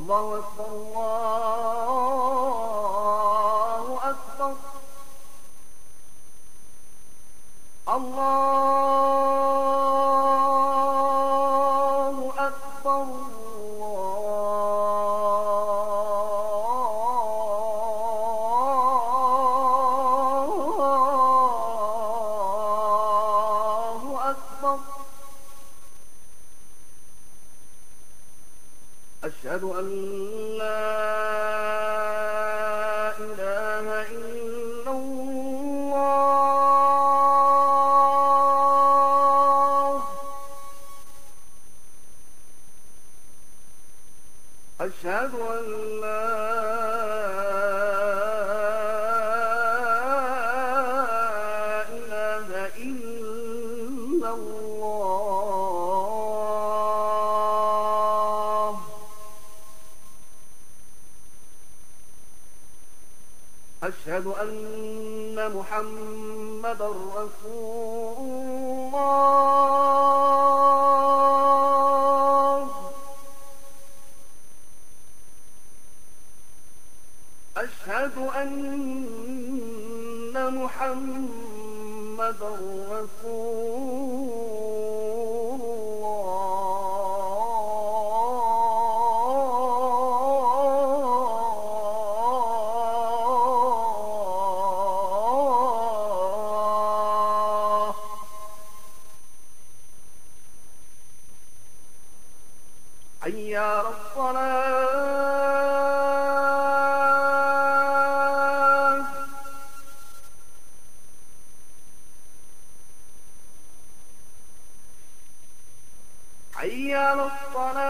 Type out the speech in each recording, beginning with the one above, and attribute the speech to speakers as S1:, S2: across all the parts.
S1: الله أكبر الله محمدا رسولا ديار الصلاة حي على الصلاة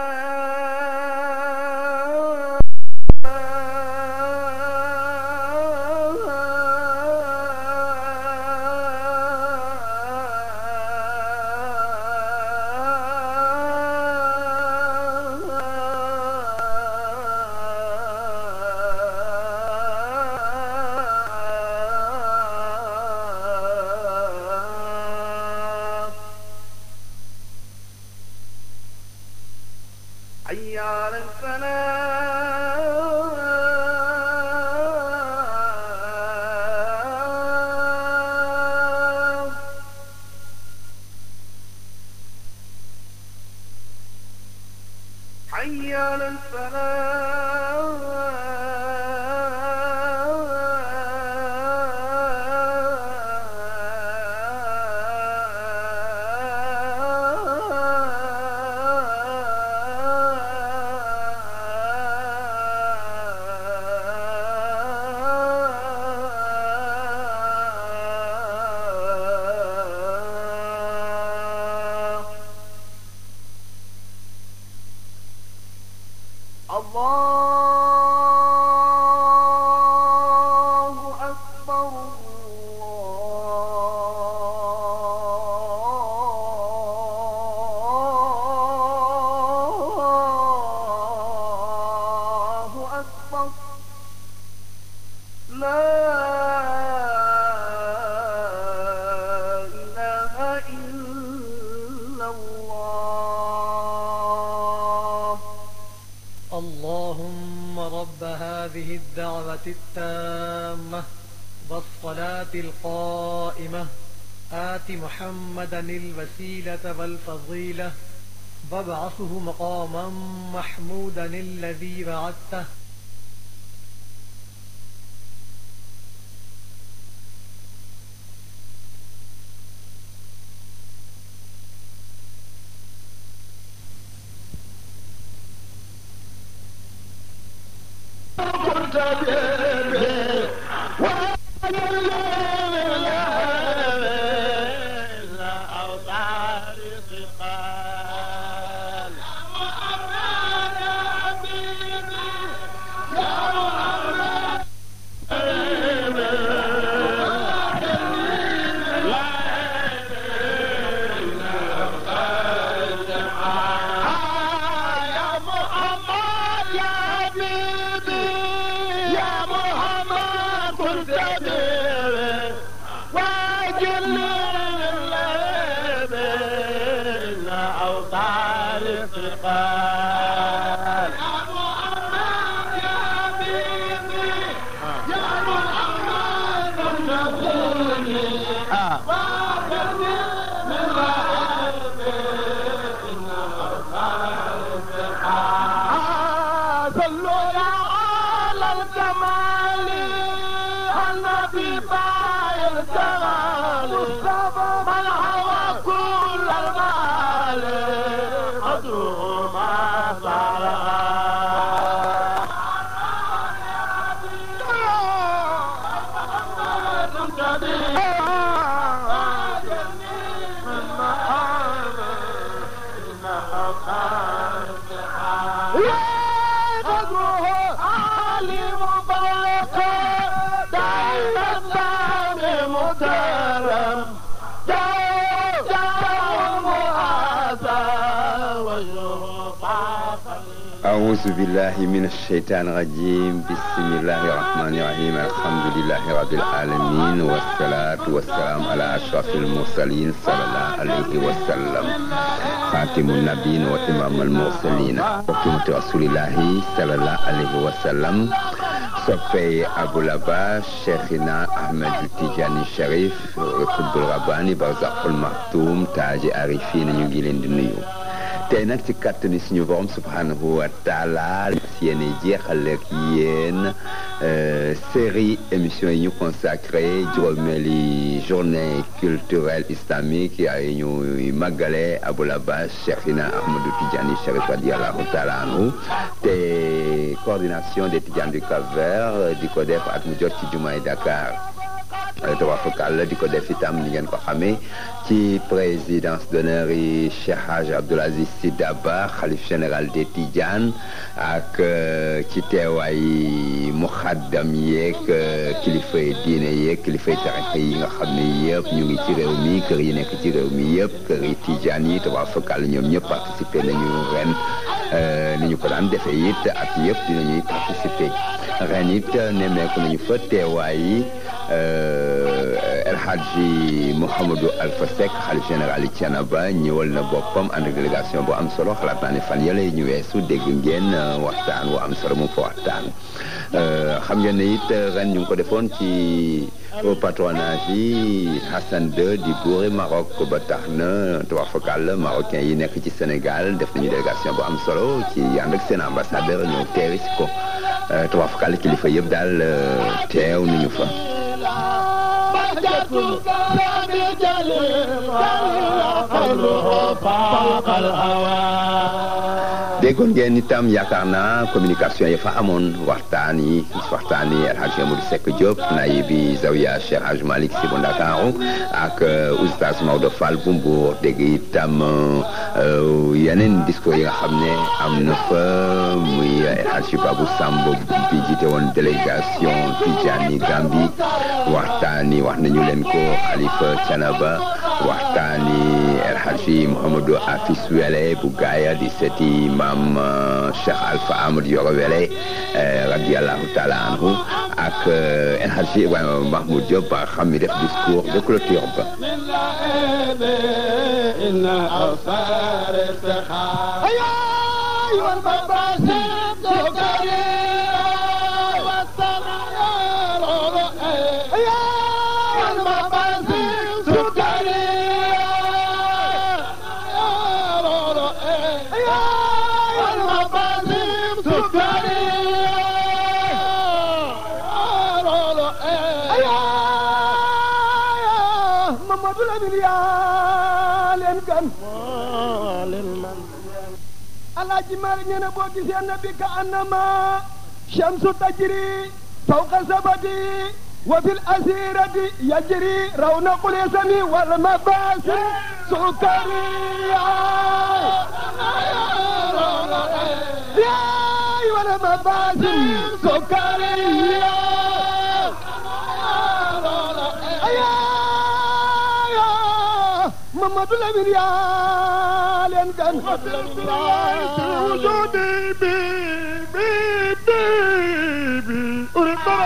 S1: الصلاة التامة والصلاة القائمة آت محمدا الوسيلة والفضيلة وابعثه مقاما محمودا الذي بعثته
S2: أعوذ بالله من الشيطان الرجيم بسم الله الرحمن الرحيم الحمد لله رب العالمين والصلاة والسلام على أشرف المرسلين صلى الله عليه وسلم خاتم النبيين وإمام المرسلين وكنت رسول الله صلى الله عليه وسلم صفي أبو لبا شيخنا أحمد التجاني الشريف قطب الرباني برزق المختوم تاج عارفين نيو tey nag ci kàttani suñu borom subhanahu wa taala yéen jeexaleeg euh, yéen série émission yi ñu consacré juróomeeli journée culturelle islamique yi ñuy màggale Abul Abbas Cheikhina Ahmadou Tidiane Chérif radiyallahu taala anhu te coordination des Tidiane du cap di ko def ak mu jot ci jumaay Dakar tabaarkalla di ko def itam ni ngeen ko xamee ci présidence d'honneur yi Cheikh Hadj Abdoul Aziz Sy Dabakh général des Tidianes ak euh, ci teewaay muxaddam yeeg euh, kilifay diine yeeg kilifay tarixa yi nga xam ne yëpp ñu ngi ci réew mii kër yi nekk ci réew mi yëpp kër yi Tidiane yi tabaarkalla ñoom ñëpp participé nañu ren euh, ni ñu ko daan defee it yëpp ren it nemmeeku nañu fa teewaay yi El Hadji Mouhamadou Alpha Seck xalif général Thiénaba ñëwal na boppam ànd ak délégation bu am solo xalaat naa ne fan yële ñu weesu dégg ngeen uh, waxtaan wu am solo mu fa waxtaan uh, xam ngeen ne it uh, ren ñu ko defoon ci patronage yi Hassan II di buuri Maroc ba tax na tubaafakàll yi nekk ci Sénégal def nañu délégation bu am solo ci ànd ak seen ambassadeur ñëw teewi si ko tubaafakàll kilifa yëpp daal teew nañu fa.
S1: حجتك بجليل خير فاق الهوى
S2: déggoon ngeen itam yaakaar naa communication yi fa amoon waxtaan yi waxtaan yi El Hadj Amadou Seck Diop nayi bi Zawiya Cheikh Hadj Malick Sy bu ak euh, oustaz Maodo Fall bu Mbour dégg itam euh, yeneen discours yi nga xam ne am na fa muy El Hadj Babou Samb bi jiite woon délégation Tidjani Gambie waxtaan yi wax nañu leen ko Khalifa waxtaani El Hadji Mouhamadou Afis Wele bu gaaya di seti maam eh, Cheikh Alpha Amadou Yoro eh, radiallahu taala anhu ak eh, El Hadji Ibrahima Mahmoud Diop ba xam mi def discours de clôture ba
S1: inna
S3: Alaaji Maalik nee na boo gisee nabi ka annama shamsu tajri fawqa sabati wa fil asirati yajri rawnaqu
S1: lisami wal mabasi sukariya wal mabasi sukariya Mamadou Lamine yaa leen gan wujudi bi bi bi bi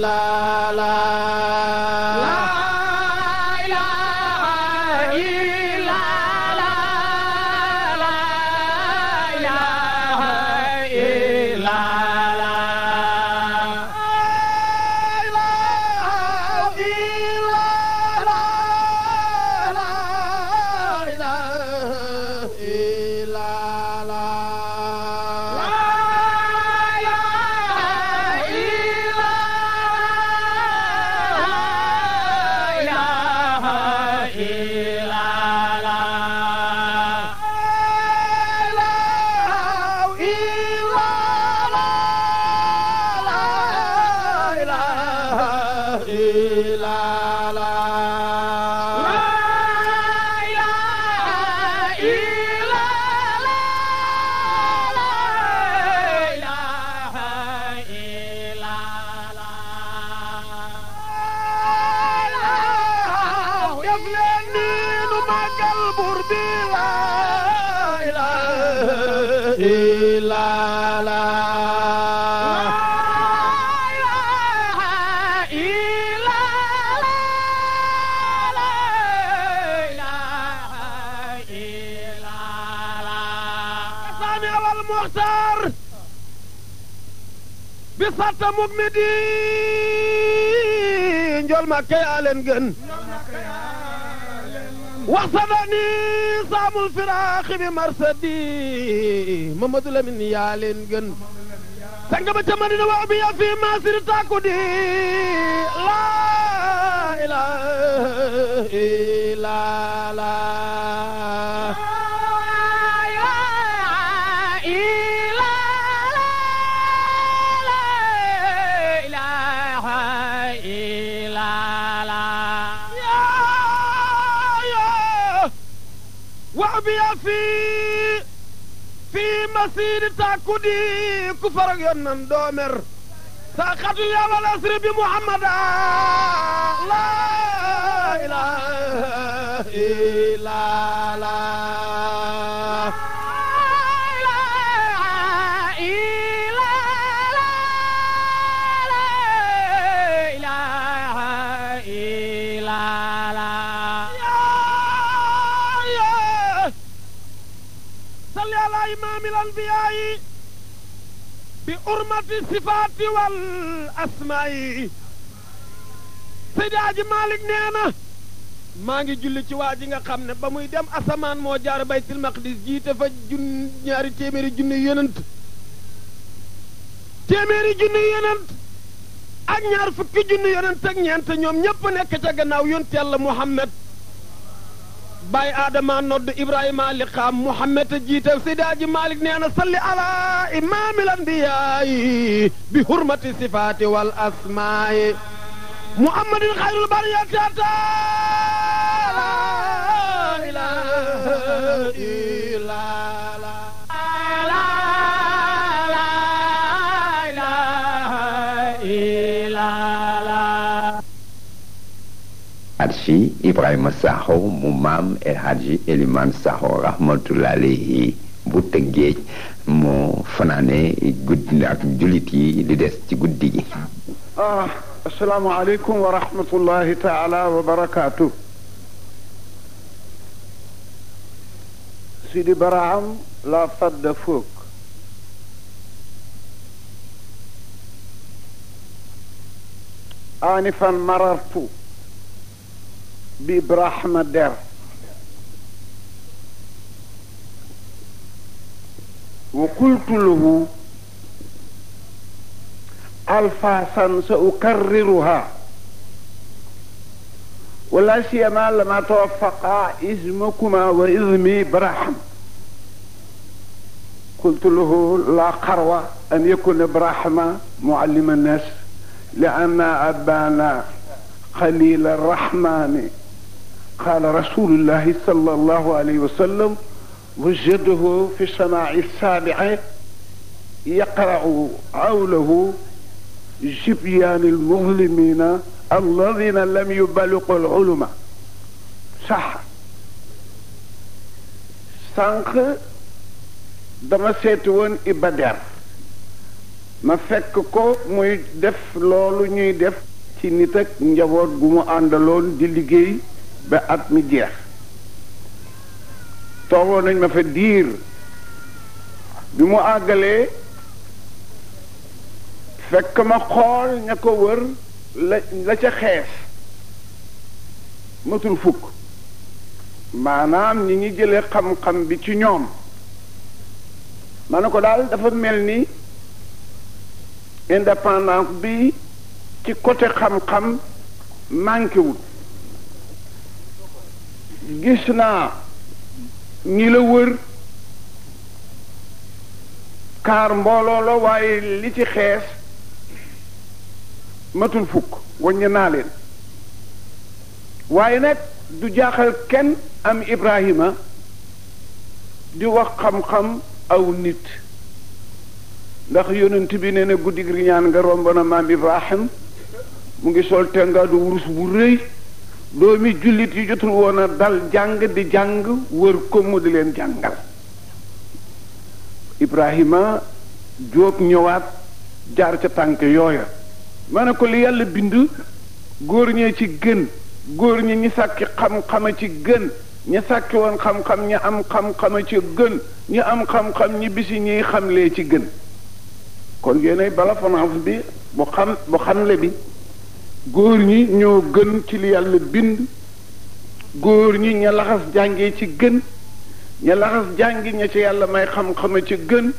S1: la la muk mi di njool ma keyaa leen gën wax sadani saamul firaaxi bi marsadi Mamadou Lamine yaa leen gën sanga ba ca Madina wax bi yaa fi maasiri tàkku di laa ilaaha biya fii fii masiidi tàkkudi ku farag yoon nan doomer sa xatu ya wal bi muhammada la ilaha illa urmati sifaati wal asmaa'i
S3: Seydi Aji Malik nee na maa ngi julli ci waa ji nga xam ne ba muy dem asamaan moo jaar baytil maqdis jiite fa jun ñaari téeméeri junni yonent téeméeri junni yonent ak ñaar fukki junni yonent ak ñeent ñoom ñëpp nekk ca gannaaw yonent la Muhammad bàyyi aadama nodd ibrahima liqaam muhammad jiite sidaaji malik nee
S1: na salli ala imaamil anbiyaayi bi hurmati sifaati wal asmaayi muhammadin xayrul bariyati la ilaha illa
S2: Archi Ibrahima Sakho mu maam El Hadji Eliman Sakho rahmatullahi alayhi bu tëggeej mu fanaane guddi ak di des ci guddi
S3: ah asalaamaaleykum wa rahmatullahi taala wa barakaatu Sidi Baraham la fadda foog aanifan bi Ibrahima der wa qultu lahu alfasan sa ukarriruha ولا سيما لما توفقا اسمكما واسمي برحم قلت له لا قروة أن يكون برحمة معلم الناس لأن أبانا خليل الرحمن qaala rasulullahi sallallahu alayhi wa sallam wajadahu fi sanaa'i saabi'a yaqra'u awlahu jibyaani almuslimiina alladina lam yubaliqu alulama sax sànq dama seeti woon Ibader ma fekk ko muy def loolu ñuy def ci nit ak njaboot gu mu àndaloon di liggéey ba at mi jeex toogoo nañ ma fa diir bi mu àggalee fekk ma xool ña ko wër la la ca xees matul fukk maanaam ñi ñi jële xam-xam bi ci ñoom ma ne ko daal dafa mel ni indépendance bi ci côté xam-xam manqué gis naa ñi la wër kaar mbooloo waaye li ci xees matul fukk waññe naa leen waaye nag du jaaxal kenn am Ibrahima di wax xam-xam aw nit ndax yonent bi nee na guddi gi ñaan nga romb na maam Ibrahim mu ngi sol tengaadu wurus bu rëy doomi jullit yi jotul woon a dal jàng di jàng wër ko mu di leen jàngal Ibrahima Jóob ñëwaat jaar ca tànk yooya ma ne ko li yàlla bind góor ñee ci gën góor ñi ñi sàkki xam-xama ci gën ñi sàkki woon xam-xam ñi am xam-xama ci gën ñi am xam-xam ñi bisi ñiy xamlee ci gën kon yéenay bala France bi bu xam bu xamle bi góor ñi ñoo gën ci li yàlla bind góor ñi ña laxas jàngee ci gën ña laxas jàngi ña ci yàlla may xam-xama ci gën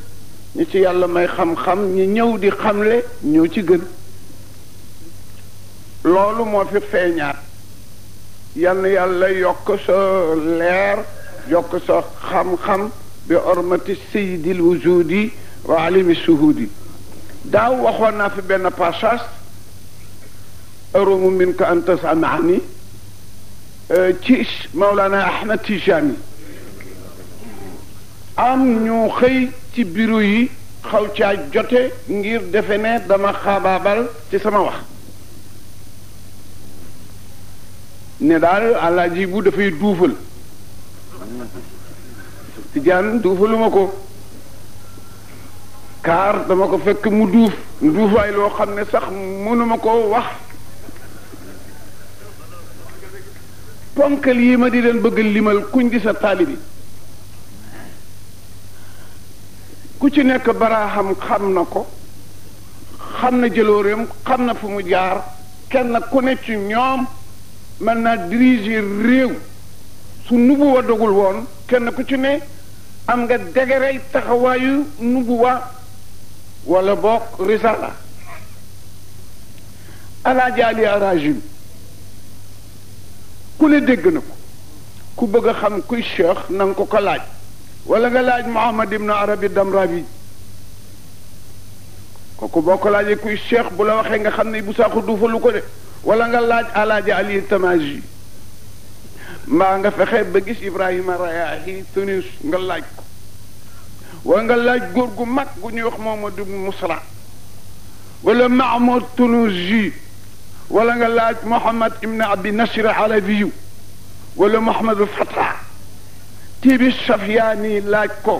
S3: ña ci yàlla may xam-xam ñi ñëw di xamle ñoo ci gën loolu moo fi feeñaat yal yàlla yokk sa leer yokk sa xam-xam bi ormati sayidil wujudi wa alimi suhudi daaw waxoon naa fi benn passage aromu minka an tasamaani ci Maulana Ahmed Tijani am ñu xëy ci bureau yi xaw caa jote ngir defe ne dama xaabaabal ci sama wax ne daal alaaji bu dafay duufal Tijaan duufaluma ko kaar dama ko fekk mu duuf duufaay loo xam ne sax mënuma koo wax ponkal yi ma di leen bëgg limal kuñ di sa taalibi ku ci nekk baraaxam xam na ko xam na jëlooreem xam na fu mu jaar kenn ku ne ñoom mën naa diriger réew su nubuwa dogul woon kenn ku ci ne am nga degerey taxawaayu nubuwa wala bokk risala ala jaali arajim ku ne dégg na ko ku bëgg a xam kuy cheikh na ko ko laaj wala nga laaj Muhammad ibn Arabi Damrabi kooku boo ko laajee kuy cheikh bu la waxee nga xam ne bu saaxu duufalu ko de wala nga laaj alaaji Ali Tamaji mbaa nga fexe ba gis Ibrahima Rayahi Tunis nga laaj ko wala nga laaj góor gu mag gu ñuy wax Mamadou Mousra wala Mahmoud Tunusi wala nga laaj Mouhamad Ibn Abi Nasir Alawiyu wala Mouhamadou Fatah tibi Safiyaani laaj ko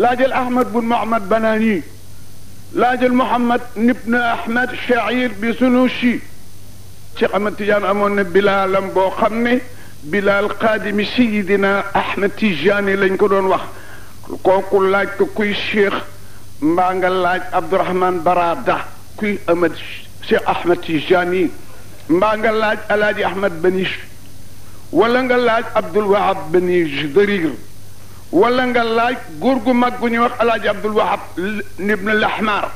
S3: laajal Ahmad bun Mouhamad Banaani laajal Mouhamad Ibn Ahmad Shair bi Sunusi Cheikh Ahmad Tidiane amoon na bilaalam boo xam ne bilaal xaadimi Seydina Ahmad Tidiane lañ ko doon wax kooku laaj ko kuy Cheikh mbaa nga laaj Abdourahman Barada kuy Ahmad. Cheikh Ahmed Tijani mbaa nga laaj alaaji Ahmed Beniche wala nga laaj Abdul Wahab Beniche Darir wala nga laaj góor gu mag gu ñuy wax alaaji Abdul Wahab Ibn Lahmar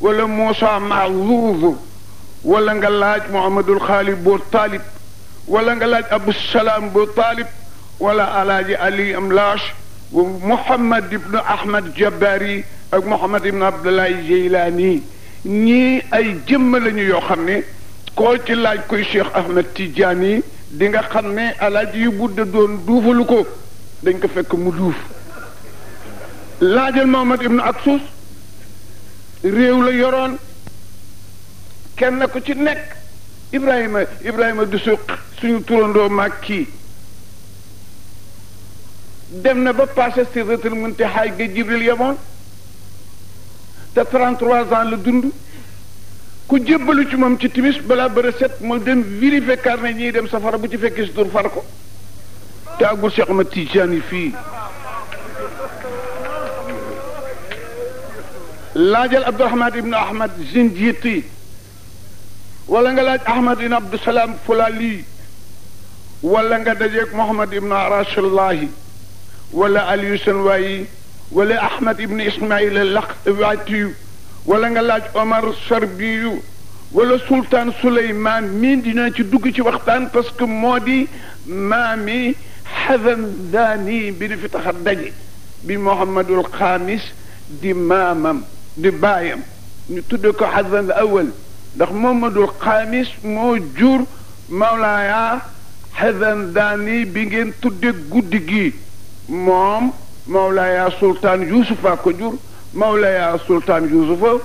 S3: wala Moussa Mahzouz wala nga laaj Mouhamadul Xaali boo Taalib wala nga laaj Abou Salaam boo Taalib wala alaaji Ali Amlaach Mouhamad ibnu Ahmed Jabari ak Mouhamad ibnu Abdoulaye Jeylaani ñii ay jëmm lañu yoo xam ne koo ci laaj koy Cheikh Ahmed Tidiane yi di xam ne alaaj yu budda doon duufalu ko dañ ko fekk mu duuf laajal Mohamad ibnu Aksus réew la yoroon kenn ku ci nekk Ibrahima Ibrahima du suq suñu turandoo maag ki dem na ba passé sirratul muntaha ga Jibril yemoon te 33 ans la dund ku jébbalu ci moom ci timis balaa bëre set mooy dem vérifier carnet ñiy dem safara bu ci fekkee si tur far ko te agul Cheikh Ahmed Tidiane fii laajal Abdourahman ibnu Ahmad Zinjiti wala nga laaj Ahmad ibn Abdusalaam Fulaali wala nga dajeeg Mohamad ibnu Rasulullahi wala Aliou Sanwaayi wala ahmad ibn ismail al-Laqati wala nga laaj omar sarbiyu wala sultaan suleymaan mii dina ci dugg ci waxtaan parce que moo di maami xasandaani bi di fi tax a daje bi mohamadul xaamis di maamam di baayam ñu tudde ko xasan awal ndax mohamadul xaamis moo jur mawlaaya xasandaani bi ngeen tudde guddi gi moom mawlaya sultaan yusufa ko jur mawlaya sultaan yusufa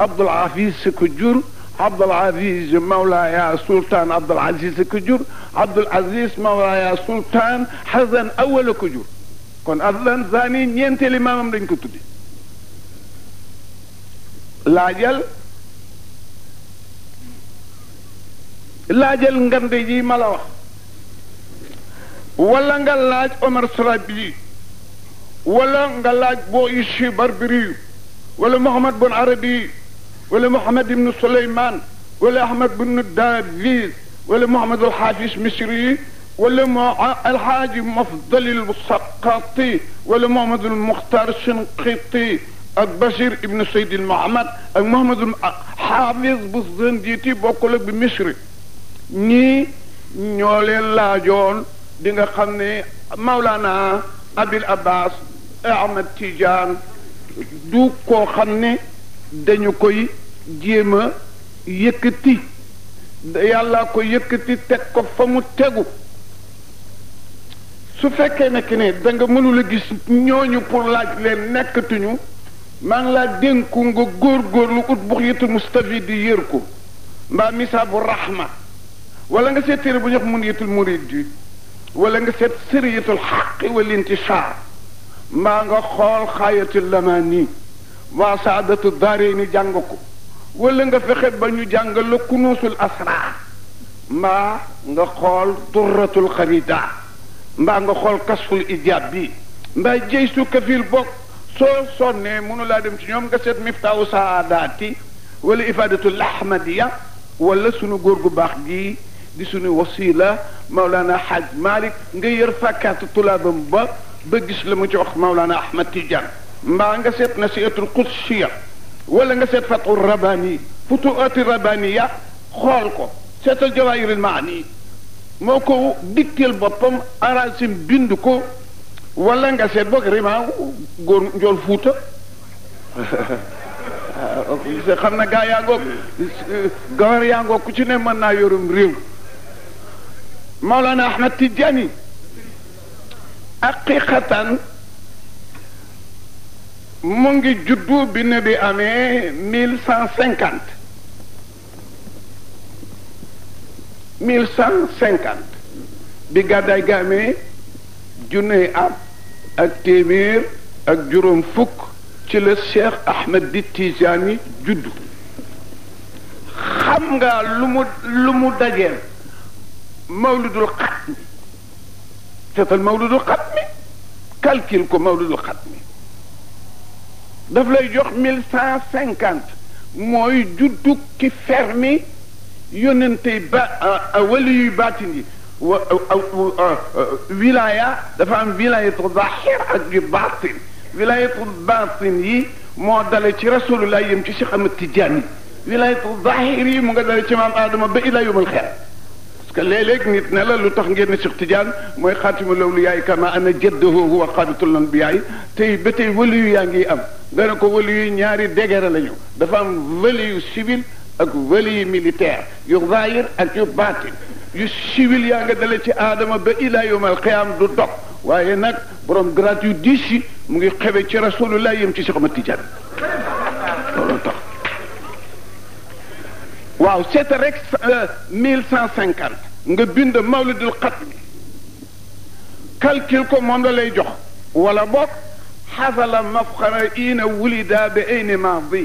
S3: abdul aziz ko jur abdul aziz mawlaya sultaan abdul aziz ko jur abdul aziz mawlaya sultaan xasan awala ko jur kon aslan zani ñeenteeli maamam dañ ko tuddi laajal laajal ngande ji ma la wax wala nga laaj Omar Sora bii wala nga laaj boo ishi barbiri wala mohamad bun arabi wala mohamad ibnu suleyman wala ahmad bun daviz wala mohamad alxaafis misri wala moo alxaaji mafdalil saqati wala mohamad almuxtar sinqiti ak bashir ibnu saydil mohamad ak mohamadul xaafis bu zëndiiti bokkul ak bi misri ñii ñoo leen laajoon di nga xam ne abil abbas Ahmed Tidiane du koo xam ne dañu koy jéem a yëkkati yàlla ko yëkkati teg ko fa mu tegu su fekkee nekk ne da nga mënul a gis ñooñu pour laaj leen nekkatuñu maa ngi laa dénku nga góorgóorlu ut buxyatu mustafi di yër ko mbaa misaabu rahma wala nga seet téere bu ñuy wax muniyatul murid wala nga seet sëriyatul xaqi wal intishaar mbaa nga xool xaayati lamaani waa saadatu daarayni jàng ko wala nga fexe ba ñu jàng la kunuusul asraa mbaa nga xool durratul xarida mbaa nga xool kasful ijaab bi mbaa jëy su kafil bokk soo sonnee mënu laa dem ci ñoom nga seet miftaawu saadaati wala ifaadatul ahmadiya wala sunu góor gu baax gi di sunu wasila maulana xaaj malik nga yër fàkkaatu tulaabam ba ba gis la mu ci wax Maulana Ahmad Tidiane mbaa nga seet nasihatul qudsiya wala nga seet fatu rabani futuati rabaniya xool ko seetal jawaahirul maani moo ko digteel boppam Araasim bind wala nga seet boog rima góor njool fuuta xam na gaa yaa ngoog gawar ku ci ne mën naa yorum réew Maulana Ahmad Tidiane haqiqatan mu ngi juddu bi ne bi amee mille cent cinquante mille cent cinquante bi gàddaay ga amee junne at ak téeméer ak juróom fukk ci la Cheikh Ahmed di Tijani juddu xam nga lu mu lu mu dajeel mawlidul xatmi seetal mawludul xat mi calcule ko mawludul xat mi daf lay jox mille cent cinquante mooy juddu ki fermi yónnentey ba wali yuy baatin yi wa wilaya dafa am wilayatu zahir ak yu baatin wilayatu baatin yi moo dale ci rasulullah yëm ci Cheikh Ahmad Tidiane wilayatu zahir yi mu nga dale ci maam Adama ba ila yawmal xiyaama que léeg-léeg nit ne lu tax ngeen ne Cheikh tijaan mooy xaatimu lawlu yaay kama ana jaddahu huwa xaaditul lan bi yaay tey ba tey waliyu yaa ngi am nga ko waliyu ñaari dégere la ñu dafa am waliyu civil ak waliyu militaire yu zaahir ak yu baatin yu civil yaa nga dale ci aadama ba ilaa yawmal qiyaam du dog waaye nag borom grade yu mu ngi xewe ci rasulullah yem ci Cheikh Ahmad Tidiane waaw seeta rek euh, mille cent cinquante nga bind mawlidul xatmi calcul ko moom la lay jox wala boog xasala mafxara ina wulida bi ayni mahdi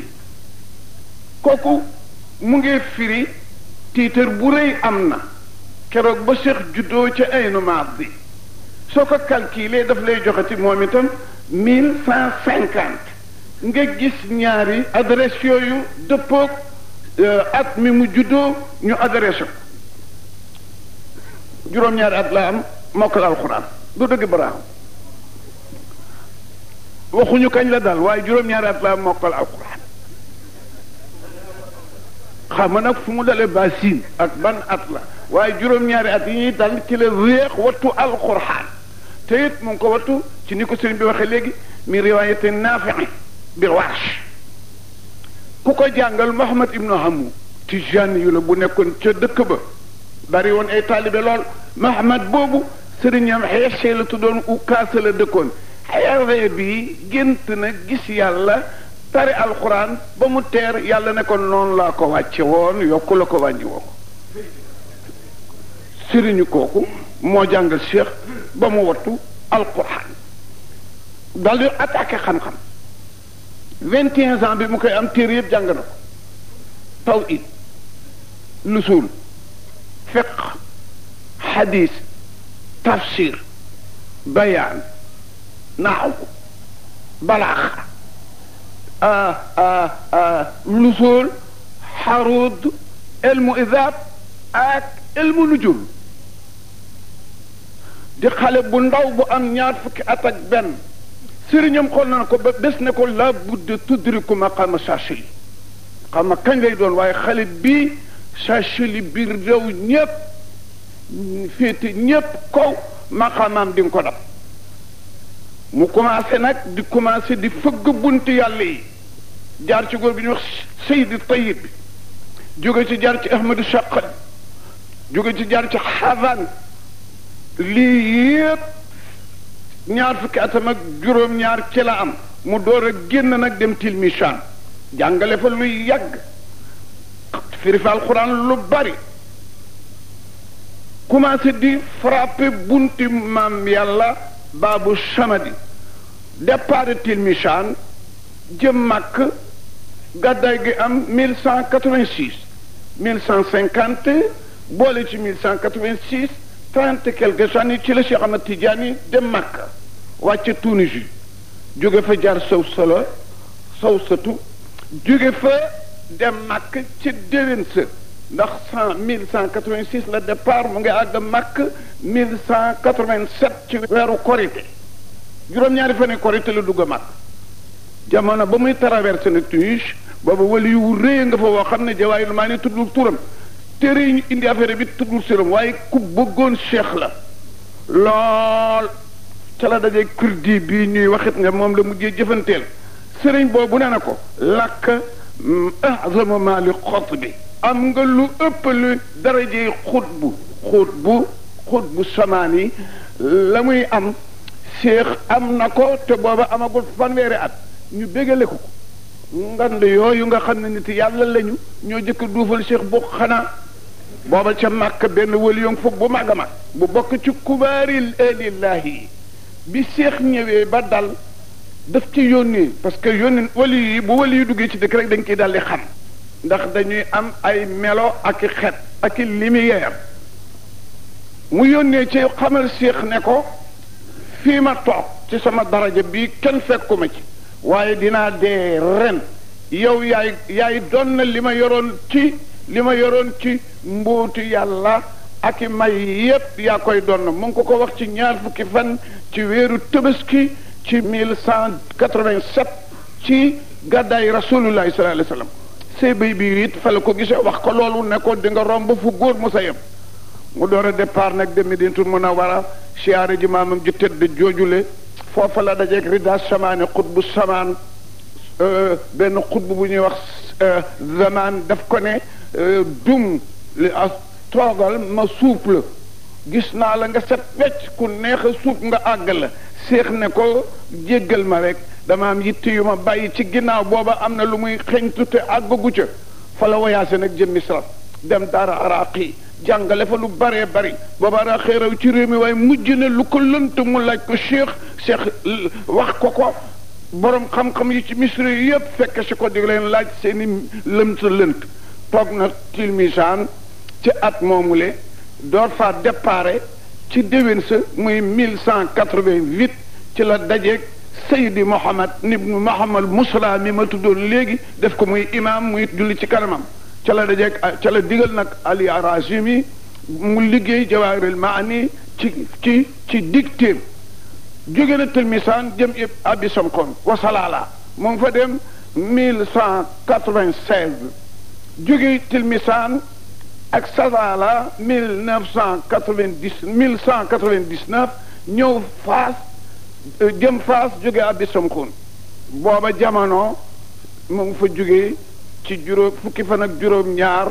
S3: kooku mu ngi firi tiitar bu rëy am na keroog ba Cheikh juddoo ca aynu mahdi soo ko calculé daf lay joxati moom itam nga gis ñaari adresse yooyu dëppoog Euh, at mi mu juddoo ñu adressé ko juróom-ñaari at laa am mokkal alxuraan du dëgg baraam waxuñu kañ la daal waaye juróom-ñaari at laa am mokkal alxuraan xam nga nag fu mu dalee ba siin ak ban at la waaye juróom-ñaari at yi ñuy dal ci la weex wattu alxuraan te it mu ko wattu ci ni ko sëriñ bi waxee léegi mi riwaayate naafi bil warsh ku ko jàngal Mouhamad Ibn Hamou Tijani yu la bu nekkoon ca dëkk ba bari woon ay taalibe lool Mouhamad boobu sëriñam Xeese la tuddoon u kaasa la dëkkoon Hervé bi gént na gis yàlla tari alxuraan ba mu teer yàlla ne ko noonu laa ko wàcce woon yokku la ko wàññi woo ko sëriñu kooku moo jàngal Cheikh ba mu wattu alxuraan daldi attaqué xam-xam vingt et un ans bi mu koy am téere yëpp jàng na ko fiq xadis tafsir bayaan naaw balaax lusul xaruud ilmu idab ak ilmu nujum di xale bu ndaw bu am ñaar fukki at ak benn sëriñam xool naa ko ba bés ne ko laa budd tudriku maqaama saacheli xam nga kañ lay doon waaye xale bi saacheli biir réew ñépp féete ñépp kaw maqaamaam di nga ko dab mu commencé nag di commencé di fëgg buntu yàlla yi jaar ci góor bi ñuy Seydi Tayib bi ci jaar ci Ahmadu Chaqal jóge ci jar ci Xavan lii yépp ñaar fukki atam ak juróom-ñaar ci la am mu door a génn nag dem tilmishan jàngale fa luy yàgg firi fa alxuraan lu bari commencé di frappé bunti maam yàlla baabu chamadi départ tilmishan jëm màkk gàddaay gi am 1186 1150 boole ci trente quelques années ci la Cheikh Ahmad Tidiane dem Makka wàcc Tunisie jóge fa jaar sow solo sow satu jóge fa dem Makka ci déwén sa ndax cent mille cent quatre-vingt-six la départ mu ngi àgg Makka mille cent quatre ci weeru Korité juróom-ñaari fan Korité la dugg Makka jamono ba muy traversé na Tunis boobu wali yu rëy nga fa woo xam ne jawaayul maa ne tuddul turam téere yi indi affaire bi tuddul siram waaye ku bëggoon cheikh la lool ca la dajee ñuy waxit nga moom la mujjee jëfanteel sëriñ boobu nee na ko làkk azama ma li bi am nga lu ëpp lu darajey xut bu xut bu xut bu samaan yi la muy am cheikh am na ko te booba amagul fanweeri at ñu bégale ko ngand yooyu nga xam ne nit yàlla lañu ñoo jëkk duufal cheikh bu xanaa booba ca màkk benn wëliyoŋ foog bu mag a mag bu bokk ci kubaaril alillahi yi bi seex ñëwee ba dal daf ci yónnee parce que yónni wëli yi bu wëli yi duggee ci dëkk rek dañ koy dal di xam ndax dañuy am ay melo ak i xet ak i mu yónnee ci xamal seex ne ko fii ma toog ci sama daraja bii kenn fekkuma ci waaye dinaa dee ren yow yaay yaay doon na li ma yoroon ci li ma yoroon ci mbuuti yàlla ak i may yépp yaa koy donn mu ngi ko ko wax ci ñaar fukki fan ci weeru tëbaski ci mille cent quatre-vingt-sept ci gàddaay rasulullahi sallallahu alayhi wa sallam bi it fa ko gisee wax ko loolu ne ko di nga romb fu góor mu sa yem mu door a départ nag de Medinatul Munawwara siyaare ji maamam ji tëdd joojule foofa la dajeeg rida samaani xutbu samaan euh, benn xutbu bu ñuy wax euh, zamaan daf ko ne Eh, dum li as toogal ma suub la gis naa la nga set wecc ku neex a suub nga àgg la seex ne ko jéggal ma rek dama am yitte yu ma bàyyi ci ginnaaw booba am na lu muy xeñtu te àggagu ca fa la wayaase nag jëm Misra dem daara Araqi jàngale fa lu baree bari booba Araqi réew ci réew mi waaye mujj na lu ko lënt mu laaj ko seex seex wax ko ko borom xam-xam yi ci Misra yi yëpp fekk si ko di leen laaj seen i lënt lënt toog na tilmisaan ci at moomule door fa déparé ci déwén sa muy 1188 ci la dajeeg Seydi Mohamed ibnu Mohamed Musla mi ma tuddoon léegi def ko muy imaam muy julli ci kanamam ca la dajeeg ca la digal nag Ali Arasimi mu liggéey jawaahirul maani ci ci ci digteem jóge na tilmisaan jëm ib abi sonkoon wasalaala mu ngi fa dem 1196 jóge tilmisaan ak Savala mille neuf mille cent quatre vingt dix neuf ñëw Faas euh, jëm Faas jóge Abdi Samxuun booba jamono mu ngi fa jóge ci juróom fukki fan ak juróom-ñaar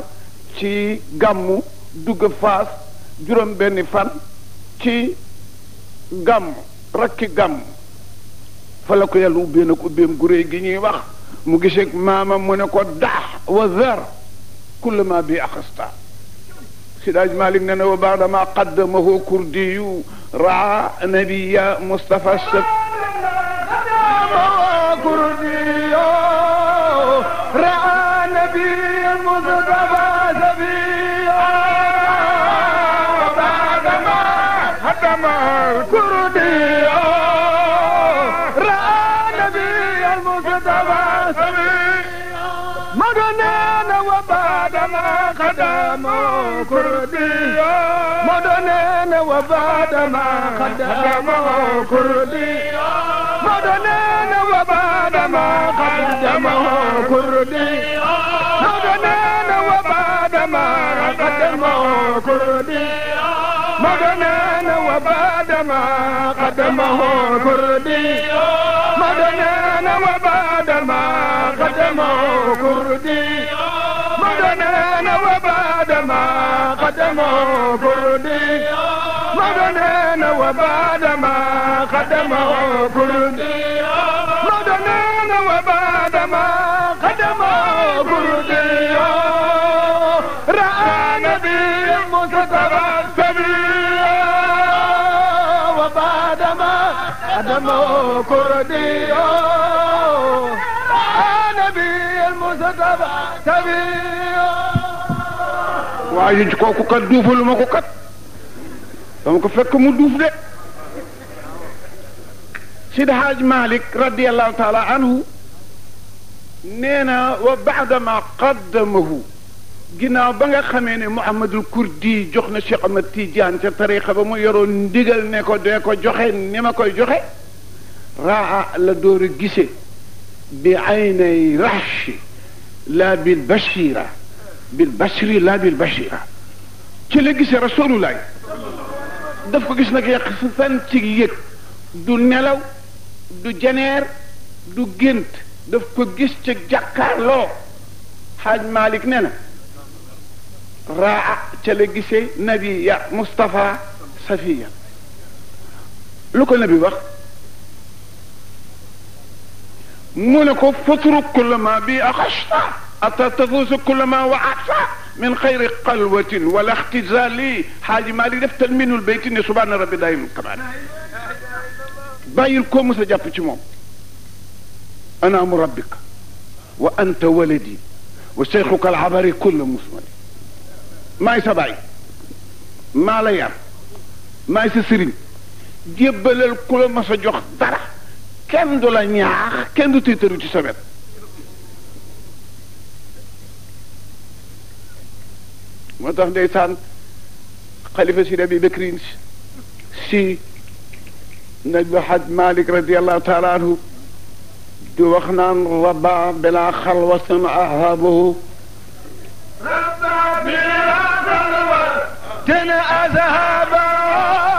S3: ci gàmmu dugg Faas juróom benn fan ci gàmm rakki gàmm fa la ko yàlla ubbee nag ubbeem gu réy gi ñuy wax mu gisee maama mu ne ko daax wa zar kullama bi axasta sidaaj malik ne na wa baadama qaddamahu kurdiyu raa nabiya mustafa shak
S1: قدم كردي مدنين وبعد ما قدم كردي مدنين وبعد ما قدم كردي مدنين وبعد ما قدم كردي مدنين وبعد ما قدمه كردي مدنين وبعد ما قدمه كردي مدنين وبعد ما قدموا كردي مدنين وبعد ما قدموا كردي مدنين وبعد ما قدموا كردي رأى نبي مسترى السبيل وبعد ما قدموا كردي
S3: waaye ji kooku kat ko mu duuf de Sidi taala anhu nee na wa baadama qaddamahu ginnaaw ba nga xamee ne Mouhamadul Kurdi jox na Cheikh Ahmad Tidiane ca tarixa ba mu yoroon ndigal ne ko dee ko ma koy joxe raa la door gise bi aynay rahshi laa bil bashira bil bashri laa bil bashira ci la gisee rasulullah daf ko gis nag yàq fan ci yëg du nelaw du jeneer du gént daf ko gis ci jàkkaarloo xaaj Malik ne na raa ca la gisee nabi ya Mustapha Safiya lu ko nabi wax mu ne ko fatruk kulla ma bi axasta ata tafuusu kulla ma waata min xayri xalwatin wala ixtizali xaaji maa li def tanminul bayti ne subhaana rabbi daayimul kamaan bàyyil koo mos a jàpp ci moom ana amu rabbika wa anta waladi wa cheikhuka alabari kulla musmali maay sa baay maa la yar maay sa sëriñ jébbalal ku la mas a jox dara kenn du la ñaax kenn du tiitaru ci sa wet moo tax ndeysaan xalifa si abi bakrin si najlu xaj malik radiallahu taala anhu di wax naan rabba bila xalwatin ahabahu
S1: rabba bila xalwatin ahabahu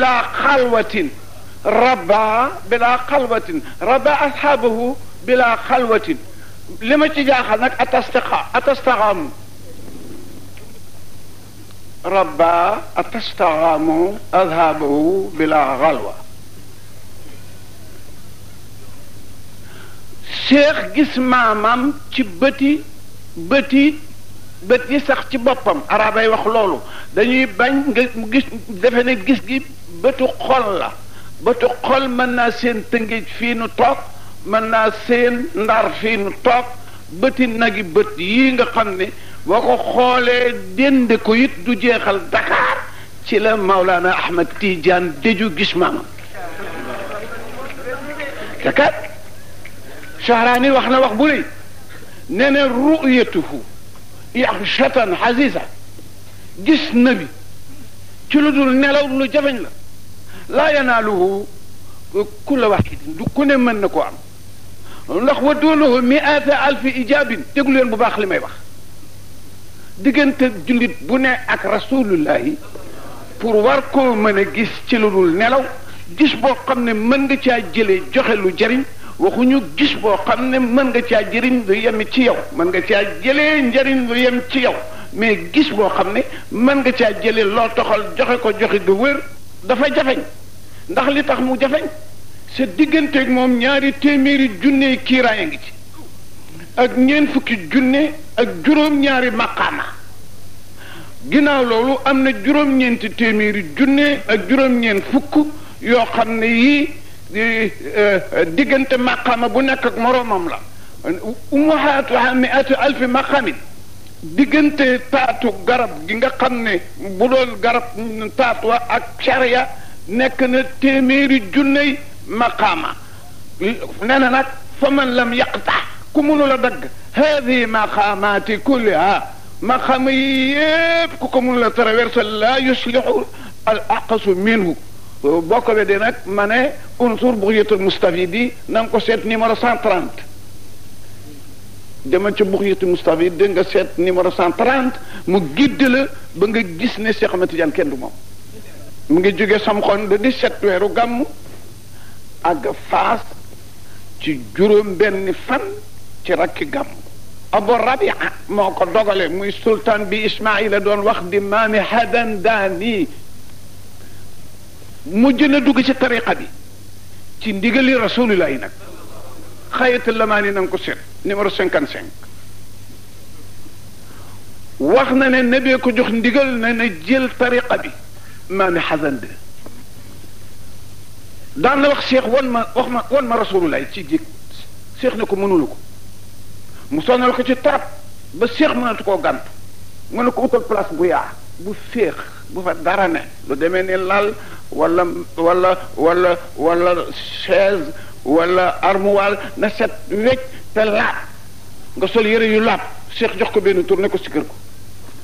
S3: bila xalwatin rabba bila xalwatin rabba ashaabahu bila xalwatin li ma ci jaaxal nag atastaxa atastaxaamu rabba atastaxaamu adhaabahu bila xalwa cheikh gis maamam ci bëti bëti bët yi sax ci boppam arabay wax loolu dañuy bañ nga gis defe gis gi bëtu xol la bëtu xol mën naa seen tëngéej fii nu toog mën naa seen ndar toog bëti nagi bët yii nga xam ne boo ko xoolee dende ko it du jeexal Dakar ci la Maulana Ahmed Tidiane déju gis maamam wax na wax bu rëy nee ci lu dul nelaw lu jafeñ la laa yanaaluhu kulla waxidin du ku ne mën na koo am ndax wa doolahu miata alfi ijaabin déglu leen bu baax li may wax diggante jullit bu ne ak rasulullahi pour war koo mën a gis ci lu dul nelaw gis boo xam ne mën nga caa jële joxe lu jariñ waxuñu gis boo xam ne mën nga caa jëriñ lu yem ci yow mën nga caa jëlee njariñ lu yem ci yow mais gis boo xam ne mën nga caa jëlee loo toxal joxe ko joxe ga wër dafa jafeñ ndax li tax mu jafeñ sa digganteeg moom ñaari téeméeri junne kiiraay ngi ci ak ñeen fukki junne ak juróom-ñaari maqaama ginnaaw loolu am na juróom-ñeenti téeméeri junne ak juróom-ñeent fukk yoo xam ne yii eh, diggante maqaama bu nekk ak moroomam la umahaatu miatu alfi maqamin diggante taatu garab gi nga xam ne bu doon garab wa ak charia nekk na téeméeri junney maqaama nee na nag fa man lam yaqta ku mënul a dagg haadi maqaamaati kulliha maqaama yi yépp ku ko mënul a traversé laa yuslihu al aqasu minhu boo ko weddee nag ma ne unsur buxyatul mustafidi na nga ko seet numéro 130 demal ci buxyatul mustafidi nga seet numéro 130 mu gidde la ba nga gis ne Cheikh Ahmed Tidiane kenn du moom mu ngi jóge samxon le 17 weeru gàmm ak faas ci juróom benn fan ci rakki gàmm abu rabia moo ko dogale muy sultaan bi ismaila doon wax di maami hadan daani mujj na dugg ci tariqa bi ci ndigali rasulullah yi nag xayatul lamaani na nga ko seet numéro cinquante cinq wax na ne nebee ko jox ndigal na na jël tariqa bi maami xasande daan na wax cheikh wan ma wax ma wan ma rasulullah ci jig cheikh ne ko mënulu mu sonal ko ci torop ba cheikh mënatu koo gànt mu ne ko utal place bu yaa bu féex bu fa dara ne lu demee ni lal wala wala wala wala chaise wala na set wecc te laab nga sol yëre yu laab cheikh jox ko benn tur ko sikkër ko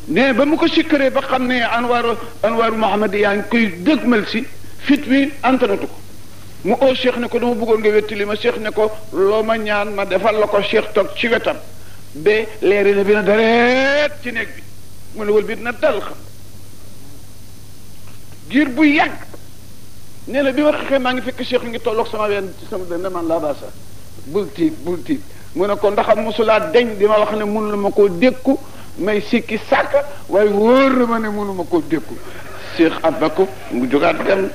S3: ne ba mu ko sikkaree ba xam ne anwaaru anwaaru Muhammad yaa ngi koy dëgmal si fit wi antanatu ko mu oo cheikh ne ko dama bëggoon nga wettali ma cheikh ne ko loo ma ñaan ma defal la ko cheikh toog ci wetam ba leeri na bi na dareet ci néeg bi mu ne wëlbit na dal xam giir bu yàgg nee na bi ma xeexee maa ngi fekk cheikh mi ngi tolloog sama wenn ci sama benn man laa baasa bul tiit bul tiit mu ne ko ndax am deñ di ma wax ne mënu la ma koo dékku may sikki sàkka waaye wóor na ma ne mënuma ko dékku Cheikh Abakou mu jógaat dem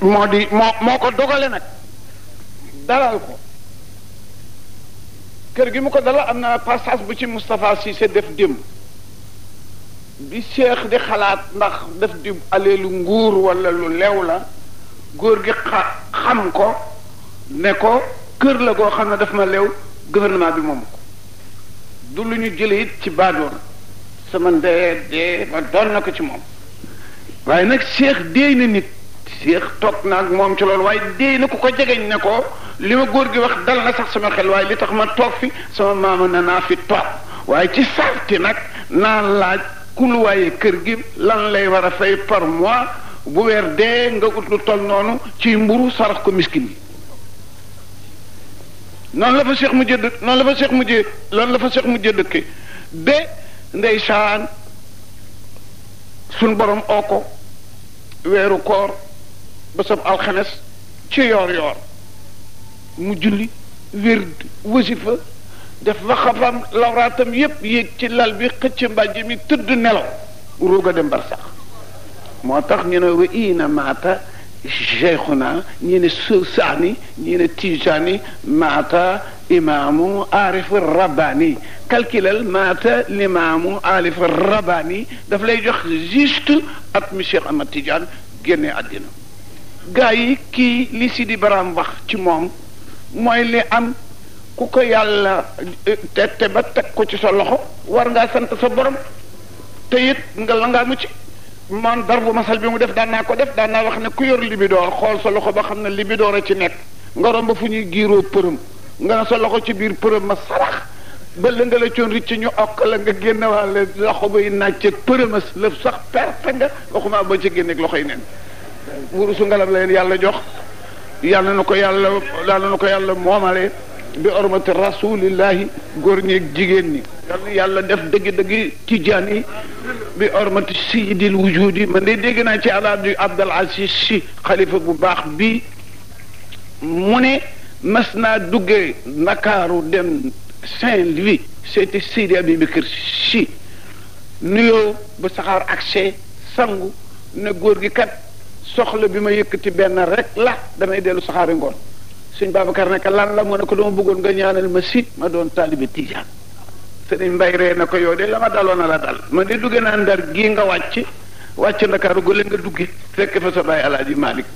S3: moo di moo moo ko dogale nag dalal ko kër gi mu ko dalal am na passage bu ci si Cissé def démb bi Cheikh di xalaat ndax def ale lu nguur wala lu leew la góor gi xam ko ne ko kër la koo xam ne daf ma leew gouvernement bi moom ko du lu ñu jële it ci baadoon sama ndeyee dee ma doon na ko ci moom waaye nag seex déey na nit seex toog na ak moom ci loolu waaye déey na ku ko jegeñ ne ko li ma góor gi wax dal na sax sama xel waaye li tax ma toog fi sama maama na naa fi toog waaye ci sarti nag naa laaj kuluwaaye kër gi lan lay war a fay par mois bu weer dee nga ut lu toll noonu ci mburu sarax ko miskin yi noonu la fa seex mujjee dëkk la fa seex mujjee loolu la fa seex mujjee dëkke ba ndeysaan suñ borom oo ko weeru koor ba sab ci yoor yoor mu julli wird wasifa def waxafam lawraatam yépp yéeg ci lal bi xëcc mbàjj mi tëdd nelaw ruuga dem bar moo tax ñu ne wa iina maata naa ñii ne suusaani ñii ne tijaani maata imaamu aarif rabbaani calculal maata limaamu aarif rabbaani daf lay jox juste at mi cheikh ahmad tidiane génne àddina gaa yi kii li Sidi Baraam wax ci moom mooy li am ku ko yàlla tette ba teg ko ci sa loxo war ngaa sant sa borom te it nga la man darbu masal bi mu def daan naa ko def daan wax ne ku yor libidoor xool sa loxo ba xam ne libidoor a ci nekk nga romb ba fu ñuy giiroo përëm nga ne sa loxo ci biir përëm ma sarax ba la nga la coon ñu okk la nga génne waale loxo bay nàcceeg përëmas lëf sax perte nga waxuma ba ci génneeg loxo yi neen wurusu ngalam la leen yàlla jox yàlla na ko yàlla yàlla na ko yàlla moomale bi ormati rasulillahi góor ñeeg jigéen ñi yàlla yàlla def dëgg-dëgg tijaan yi bi ormati sayyidil wujudi man de dégg naa ci alaaji Abdul Aziz si xalifa bu baax bi mu ne mas naa duggee Ndakaaru dem Saint-Louis seeti Seydi Abubakar si nuyoo ba saxaar accès sangu ne góor gi kat soxla bi ma yëkkati benn rek la damay dellu saxaari ngoon suñ Babacar ne ko lan la mu ne ko dama bëggoon nga ñaanal ma siit ma doon taalibe Tijaan sëriñ Mbay ree na ko yow de la ma daloon a la dal man de dugge naa ndar gii nga wàcc wàcc ndakaaru gole nga dugge fekk fa sa baay Alaaji Malik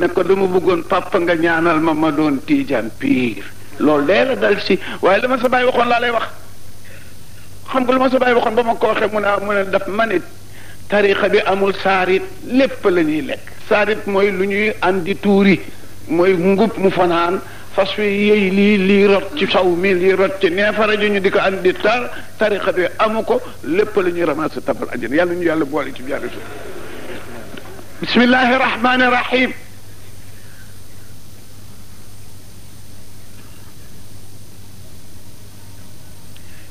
S3: ne ko dama bëggoon papa nga ñaanal ma ma doon Tijaan piir lool dee la dal si waaye la ma sa baay waxoon laa lay wax xam nga lu ma sa baay waxoon ba ma ko waxee mu ne mu ne daf ma ne tarixa bi amul saarit lépp la ñuy lekk saarit mooy lu ñuy andi tuuri mooy ngub mu fanaan fas wi yëy lii lii rot ci saw mi lii rot ci neefare ji ñu di ko andi tar tariqa bi amu ko lépp la ñuy ramasse tabal àjjana yàlla ñu yàlla boole ci biir suuf bismillahi rahmaani rahim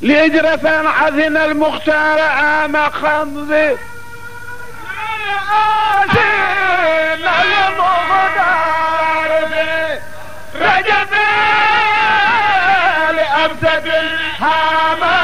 S3: لإجرة عذن المختار آم خمض عذن
S1: المختار شرفي رجبي لأبسد الحامل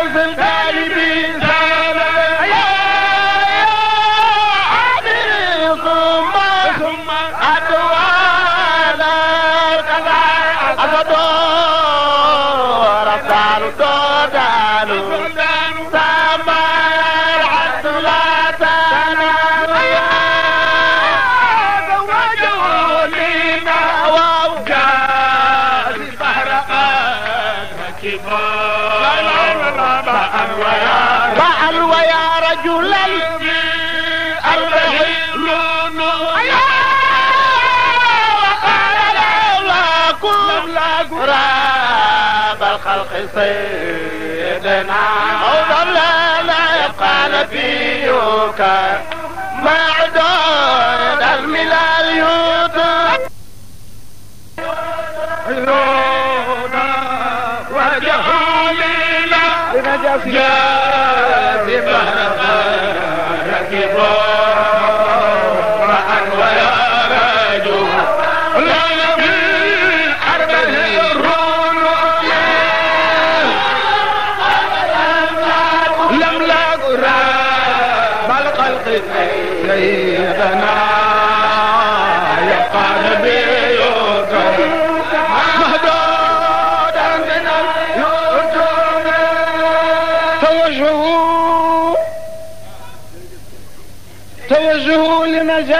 S1: الفلفل سيدنا وظل لا يبقى نبيك معدود الملال يوتد عيونا وجهولنا جاذبا ركبا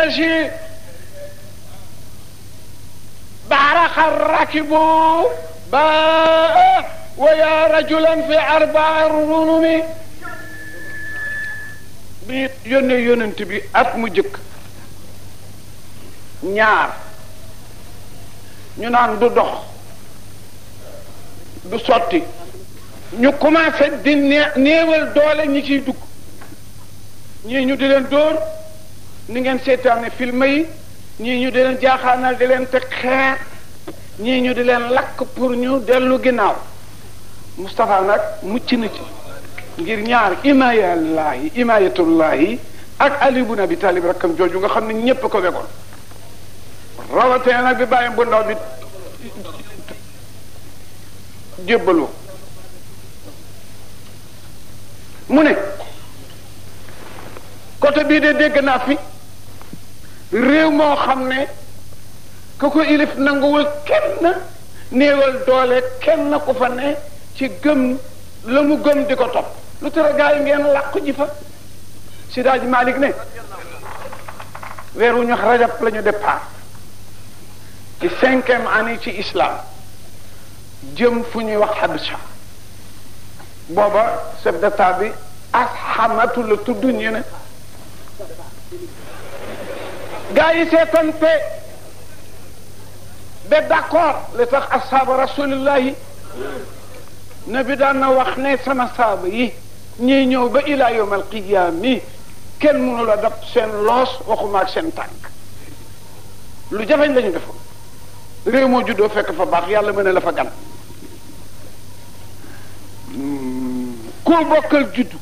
S3: الذي بعرق الركب باء ويا رجلا في أربع الرنم bi yónnee yónnent bi at mu jëkk ñaar ñu naan du dox du sotti ñu commencé di néewal doole ñi ciy dugg ñii ñu di leen dóor ni ngeen seetaane film yi ñii ñu di leen jaaxaanal di leen teg xeer ñii ñu di leen lakk pour ñu dellu ginnaaw Moustapha nag mucc na ci ngir ñaar imaayallaahi imaayatullaahi ak Ali ibn Abi Talib rakkam jooju nga xam ne ñépp ko wegoon rawatina nag bi bàyyi bu bi jébbaloo mu ne côté bii de dégg naa fi réew moo xam ne ku ko ilif nanguwul kenn néewal doole kenn ku fa ne ci gëm la mu gëm di ko topp lu tere gaa ngeen làqu ji fa si daaj Malick ne weeru ñox rajab la ñu ci cinquième année ci islam jëm fu ñuy wax Habsa booba chef d'état bi asxamatu la tudd ñu ne gaa yi seetante ba d'accord li tax ashaaba rasulillahi nabi daan na wax ne sama saaba yi ñiy ñëw ba ila yawm al qiyaami kenn mënula la seen loos waxuma ak seen tànk lu jafeñ lañu ñu defoon moo juddoo fekk fa baax yàlla mën ne la fa gan koo bokkal juddu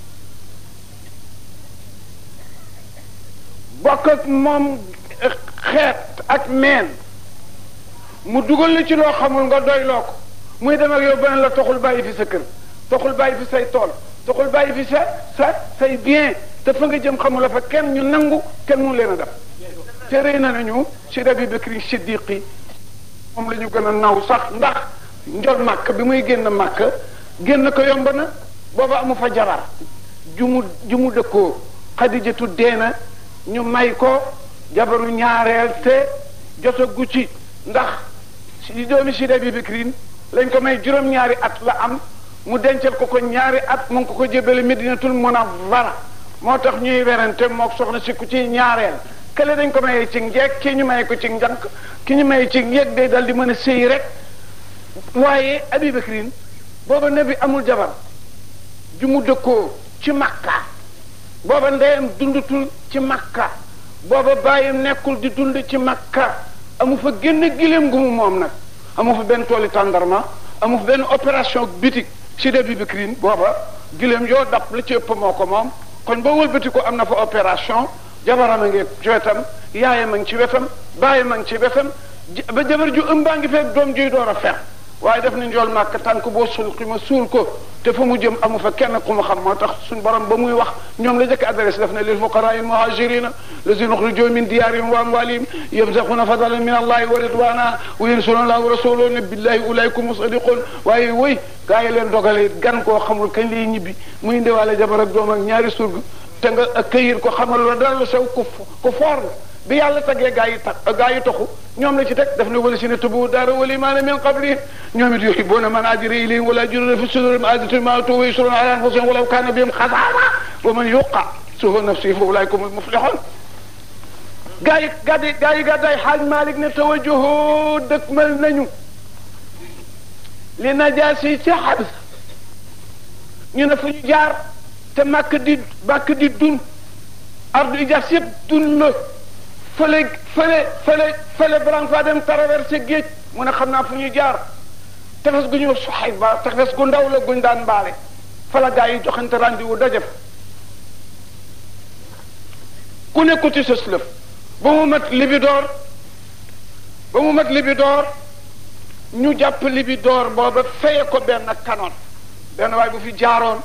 S3: bokk moom xeet ak neen mu dugal la ci loo xamul nga doyloo ko muy dem ak yow beneen la toxul bàyyi fi sa kër taxul bàyyi fi say tool toxul bàyyi fi sa sa say bien te fa nga jëm xamul la fa kenn ñu nangu kenn mu leen a def te rëy na nañu si Abi Bakri Siddiqi moom la ñu gën a naw sax ndax njol màkk bi muy génn màkk génn ko yomb na booba amu fa jabar ju mu ju mu dëkkoo Xadijatu dee na ñu may ko jabaru ñaareel te jotagu ci ndax si doomi si de bi bikrin lañ ko may juróom-ñaari at la am mu dencal ko ko ñaari at mu ngi ko ko jébbale medinatul munawwara moo tax ñuy werante mook soxna si ku ci ñaareel kële dañ ko mayee ci ngeeg kii ñu may ko ci njànk ki ñu may ci ngeeg day dal di mën a sëy rek waaye abi bakrin booba nabi amul jabar ju mu dëkkoo ci makka booba ndeyam dundutul ci makka booba bàyyam nekkul di dund ci makka amu fa génn giléem gu moom nag amu fa benn tooli tàndarma amu fa benn opération bitik si de bibikrin booba gileem yoo dab la ci ëpp moo ko moom kon ba wëlbati ko am na fa opération jabaram a ngi ci wetam yaayam a ngi ci wetam bàyyam a ngi ci wetam ba jabar ju ëmbaa ngi fekk doom juy door a fex waaye def ni njool màkk tànk boo sulqi ma suul ko te fa mu jëm amu fa kenn ku mu xam moo tax suñ borom ba muy wax ñoom la njëkk adresse daf ne lil fuqaraa il muhajirina lazina uxrijoo min diyaarihim wa amwaalihim yabtaxuna fadlan min allahi wa ridwana wa yansuruna allaha wa rasulahu ne billahi ulayka musadiqun waaye woy gaa yi leen dogale gan koo xamul kañ lay ñibbi muy ndewaale jabar ak doom ak ñaari surg te nga accueillir ko xamal la dara lu sew ku ku foor la bi yàlla taggee gaa yi tax gaa yi toxu ñoom la ci teg daf ne wala si ne tubu daara wali maana min qablihim ñoom it yuhibbuuna man haajara ilayhim wala yajiduna fi sudurihim haajatan mimmaa uutuu wa yusirruuna alaa anfusihim walaw kaana bihim khasaasa wa man yuuqa shuhha nafsihi fa ulaa'ika humul muflihuun gaa yi gàddi gaa yi gàddaay xaaj Malick ne tawajjuhu dëkkmal nañu li najaasi ca Xabs ñu ne fu ñu jaar te màkk di màkk di dun ardu ijaas yëpp dun la fële fële fële fële branfa dem traversé géej mu ne xam naa fu ñuy jaar tefes gu ñëw soxay ba tefes gu ndaw la guñ daan mbaale fala gaa yi joxante rendez-vous daje ku nekku ci sës lëf ba mu mat libidoor ba mu mat libidoor ñu jàpp libidoor booba feye ko benn kanoon benn waay bu fi jaaroon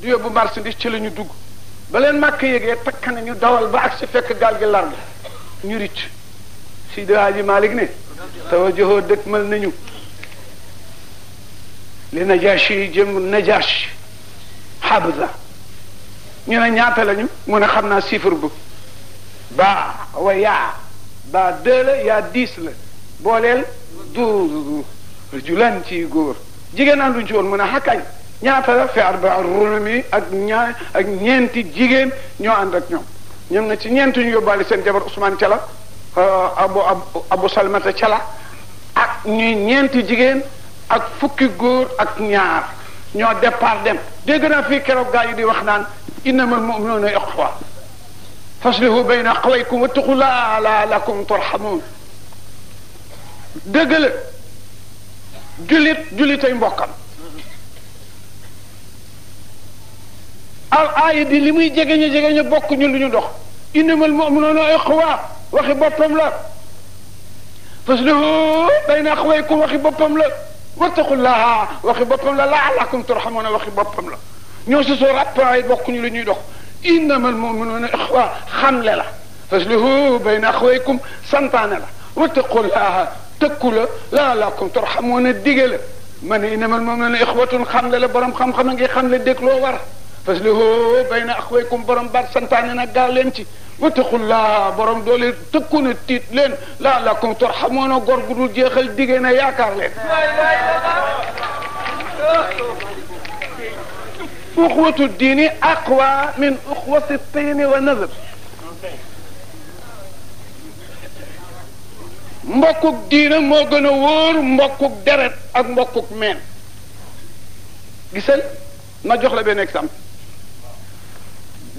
S3: du yóbbu marchandise ci la ñu dugg ba leen màkk yégee takk na ñu dawal ba ak si fekk gaal gi lar ñu ricc Seydi Haaji Malik ne tawajjaho dëkkmal nañu li Najaashi yi jëm Najaash Habza ñu ne ñaata lañu mu ne xam naa chiffre bu ba wa yaa ba deux la yaa dix la booleel douze julan ci góor jigéen ànduñ ci woon mu ne xakkañ ñaata la fi arba rulmi ak ñaa ak ñeenti jigéen ñoo ànd ak ñoom ñoom na ci ñeent ñu yóbbaale seen jabar Ousmane Cala euh, abu abu Salmata Cala ak ñuy ñeenti jigéen ak fukk góor ak ñaar ñoo départ dem dégg naa fii keroog gaa yi di wax naan innamal mu'minuuna ixwa faslihu bayna axawaykum wattaqu turhamuun dëgg la jullit jullitay mbokkam al aaya di li muy jegeño jegeño bokk ñu lu ñu dox innamal mu'minuuna ixwa waxi boppam la faslihu bayna axwaykum waxi boppam la wattaqullaha waxi boppam la la'allakum turhamuuna waxi boppam la ñoo si soo rappay bokk ñu lu ñuy dox innamal mu'minuuna ixwa xamle la faslihu bayna axwaykum santaane la wattaqullaha tëkku la la'allakum turhamuuna dige la ma ne innamal mu'minuuna ixwatun xamle la borom xam-xam a ngi xamle dégg loo war faslihu bayna axwaykum borom baat santaane nag gaaw leen ci wattaqullaha borom doole tëkku na tiit leen laalakum turhamuuna góor gu dul jeexal digée na yaakaar leen
S1: uxwatu diini
S3: aqwa min uxwati tiini wa nazar mbokkuk diina moo a wóor mbokkuk deret ak mbokkuk meen gisal ma jox la benn exemple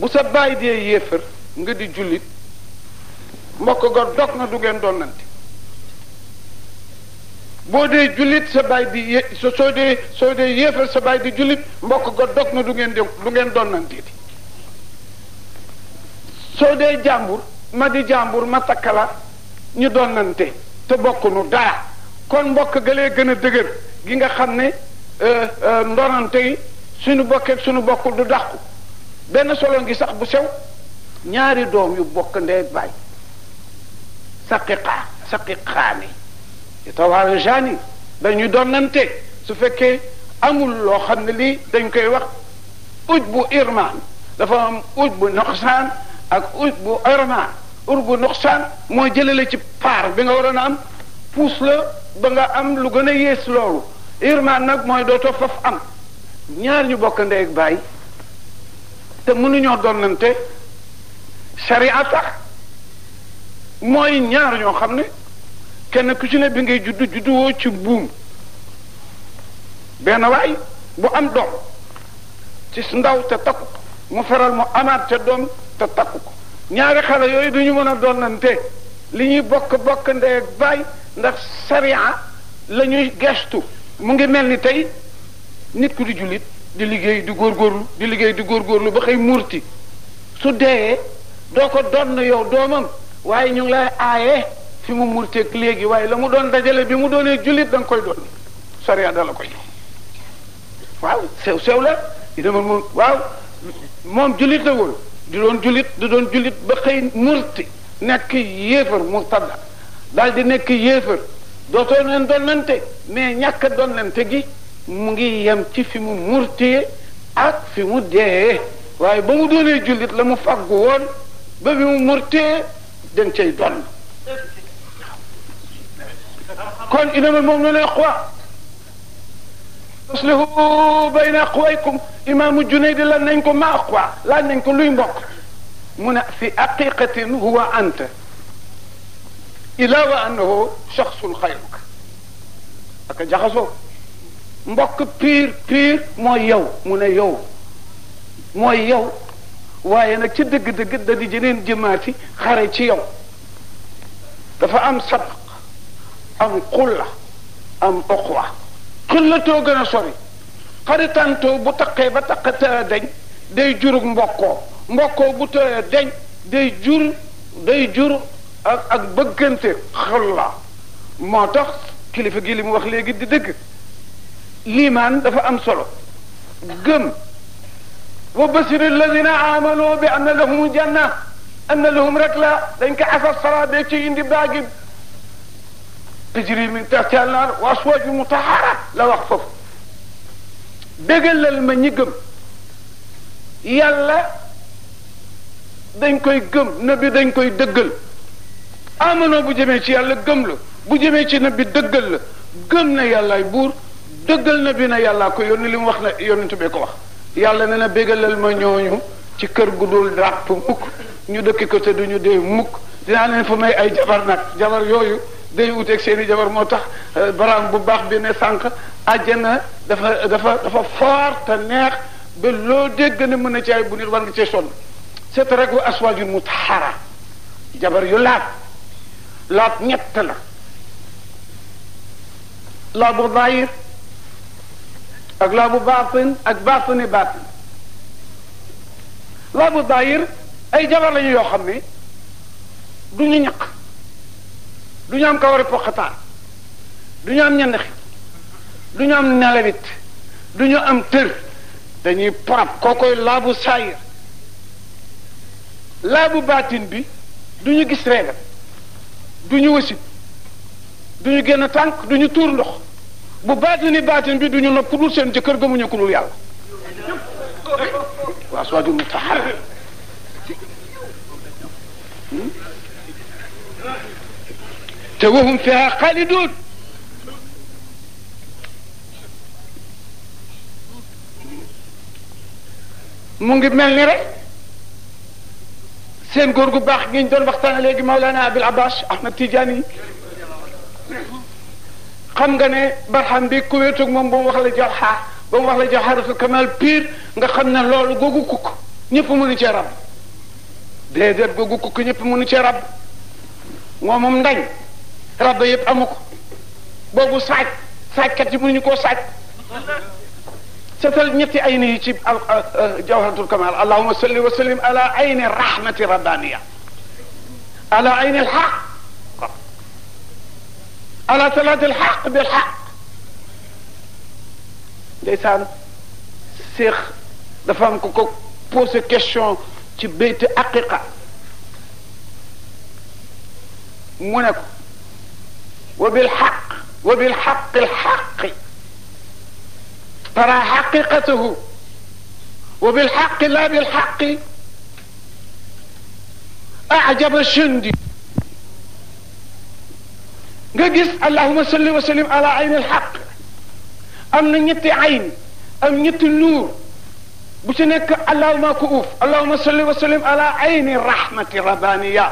S3: bu sa bàyyi dee yéefar nga di jullit mbokk ga dog na du ngeen donnante boo dee jullit sa bàyyi di yé soo dee soo dee yéefar sa bàyyi di jullit mbokk ga dog na du ngeen di du ngeen donnante di soo dee jàmbur ma di jàmbur ma takkala ñu donnante te bokkunu dara kon mbokk ga lee gën a dëgër gi nga xam ne euh, euh, ndonante yi suñu bokkeek suñu bokkul du dàqu benn solo ngi sax bu sew ñaari doom yu bokk ndee baay saqiqa saqiqaani yatawaarishaani dañuy donnante su fekkee amul loo xam ne lii dañ koy wax uj bu irmaan dafa am uj bu noqsaan ak uj bu irmaan uj bu noqsaan moo jëlale ci paar bi nga waroon a am puus la ba nga am lu gën a yées loolu irmaan nag mooy dootoo faf am ñaar ñu bokk ndee baay te mënuñoo donnante sharia tax mooy ñaar ñoo xam ne kenn ku ci bi ngay juddu juddu woo ci buum benn waay bu am doom ci ndaw te takku ko mu feral mu amaat te doom te takku ko ñaari xale yooyu duñu mën a doonante li ñuy bokk bokk ndey ak baay ndax sharia lañuy gestu mu ngi mel ni tey nit ku di jullit di liggéey di góorgóorlu di liggéey di góorlu ba xëy muurti su dee doo ko doon na yow doomam waaye ñu ngi lay aaye fi mu muurteeg léegi waaye la mu doon dajale bi mu doonee jullit danga koy doon sariya da la koy waaw sew sew la di demal moom waaw moom jullit la woon di doon jullit di doon jullit ba xëy murti nekk yéefar murtada daal di nekk yéefar dootoo leen doon lante mais ñàkk doon gi mu ngi yem ci fi mu murtee ak fi mu dee waaye ba mu doonee jullit la mu faggu woon ba bi mu murtee dañ cay donn kon inama moom ne ne xwa aslihu bayna aqwaykum imaamu Junaydi lan nañ ko ma aqwa laaj nañ ko luy mbokk mu ne fi aqiqatin huwa anta ila wa annahu shaxsun xayruk ak jaxasoo mbokk piir piir mooy yow mu ne yow mooy yow waaye nag ci dëgg-dëgg da di jeneen jëmaati xare ci yow dafa am sabaq am xulla am oqwa xullatoo gën a sori xaritantoo bu taqe ba taq tëra deñ day jurug mbokkoo mbokkoo bu tëra deñ day jur day jur ak ak bëggante xulla moo tax kilifa gi li mu wax léegi di dëgg lii liimaan dafa am solo gëm wa basir alladina amanu bi anna lahum janna anna lahum rakla dañ ko asar sala bee ci indi baagi tajri min tahtiha al-nar wa aswaju mutahara la wax foofu dégalal ma ñi gëm yàlla dañ koy gëm nabi dañ koy dëggal amano bu jëmee ci yàlla gëm la bu jëmee ci nabi dëggal la gëm na yàllaay buur dëggal na bi na yàllaa ko yónni li mu wax na yónnitu bee ko wax yàlla ne na bégalal ma ñooñu ci kër gu dul ràpp mukk ñu dëkk ko te ñu dee mukk dinaa leen fa may ay jabar nag jabar yooyu day wuteeg seeni jabar moo tax euh, baraam bu baax bi sànq àjjana dafa dafa dafa foor te neex ba loo dégg ne mën a ci ay bu nit war nga cee sonn c'est rek wa aswaajun mutahhara jabar yu laat laat ñett la laat bu daayir ak laabu baatin ak baatini baatin laabu daayir ay jabar lañu yoo xam ne du ñu ñaq du ñu am kawari poqataan du ñu am ñandaxi du ñu am ñu am tër dañuy koo kookoy laabu saayir laabu baatin bi du ñu gis reegal du ñu wasit du ñu génn tànk du ñu tuur ndox bu baatini baatin bi duñu nag ku dul seen jëkkër gëmuñu ku dul yàlla waa soo jur mu taxar te wahum fiha xaalidun mu ngi mel ni rek seen góor gu baax ngiñ doon waxtaan léegi Maulana Abil Abbas Ahmad Tidiane yi xam nga ne barxam bi ku moom ba mu wax la jawxaa ba kamal pire nga xam ne loolu googu kukk ñëpp mënu cee rab déedéet googu kukk ñëpp mënu cee rab moom moom ndañ rab yëpp amu ko boobu saaj saajkat yi mënuñu koo saaj setal ñetti ayni yi ci euh, euh, jawharatul kamal allahumma salli wa ala ayni rahmati rabbaniya ala ayni alxaq ala salaati alxaq bi alxaq ndeysaan séex dafa am ko ko posé question ci béyte aqiqa mu ne ko wa bilxaq wa bilxaqi alxaqi tara xaqiqatahu wa bilxaqi la bilxaqi ajaba chundi nga gis allahuma salli wa sallim ala ayn al xaq am na ñetti ayn am ñetti nuur bu ci nekk allahuma ku uuf allahuma salli wa sallim ala ayni rahmati rabbaniya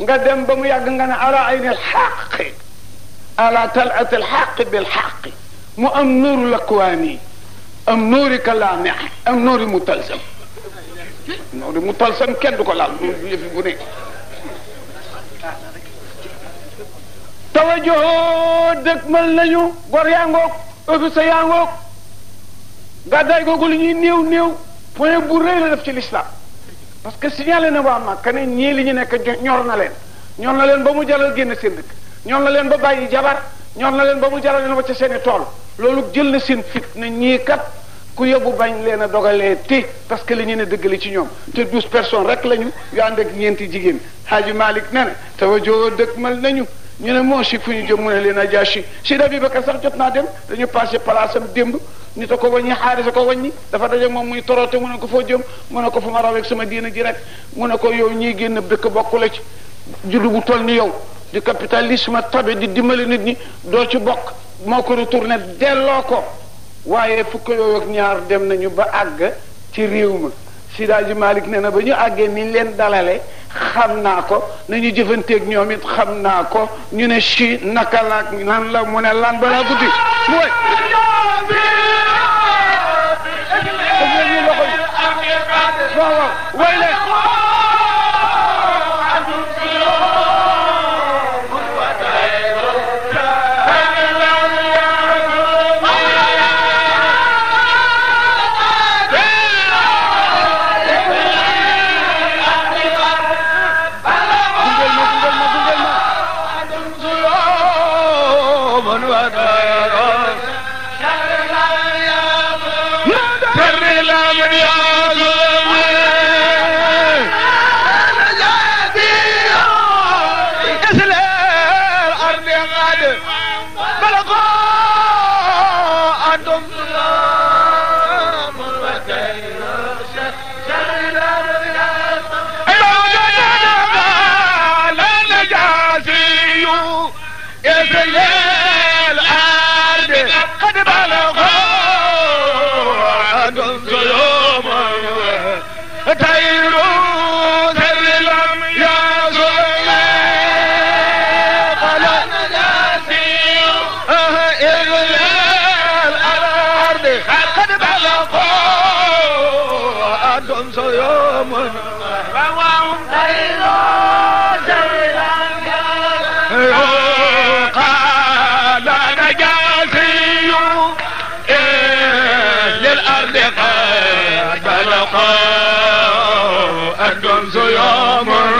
S3: nga dem ba mu yàgg nga ne ala ayni al xaqi ala talat al xaqi bil xaqi mu am nuuru lakwaani am nuuri kalaame am nuuri mutalsam nuuri mutalsam kenn du ko laal du yëfi bu nekk tawajjoo dëgmal nañu gor yaa ngoog sa yaa ngoog gàddaay googu li ñuy néew néew point bu rëy la def ci l'islam parce que signalé na waa Makka ne ñii li ñu nekk ñor na leen ñor na leen ba mu jaral génn seen dëkk ñor na leen ba bàyyi jabar ñor na leen ba mu jaral leen wacca seen i tool loolu jël na seen fit ne ñii kat ku yóbbu bañ leen a dogalee te parce que li ñu ne dëgg li ci ñoom te douze personnes rek lañu yu ànd ak ñeenti jigéen Haji Malick ne na tawajjoo dëgmal nañu ñu ne moo si fu ñu jëm mu ne leen a jaasi Seydi Abubakar sax jot naa dem dañu passé place am démb ni a ko wàññi xaaris a ko wàññi dafa dajeeg moom muy torote mu ne ko foo jëm mu ne ko fu ma raweeg sama diina ji rek mu ne ko yow ñiy génn dëkk bokku la ci juddu bu toll ni yow di capitalisme tabe di dimbali nit ñi doo ci bokk moo ko retourné delloo ko waaye fukk yooyu ak ñaar dem nañu ba àgg ci réew ma Sidaaji Malick nee na ba ñu àggee niñ leen dalale xam naa ko nañu jëfanteeg ñoom it xam naa ko ñu ne chi naka la nan la mu ne lan balaa guddi mu wéy waaw
S1: waaw
S3: way leen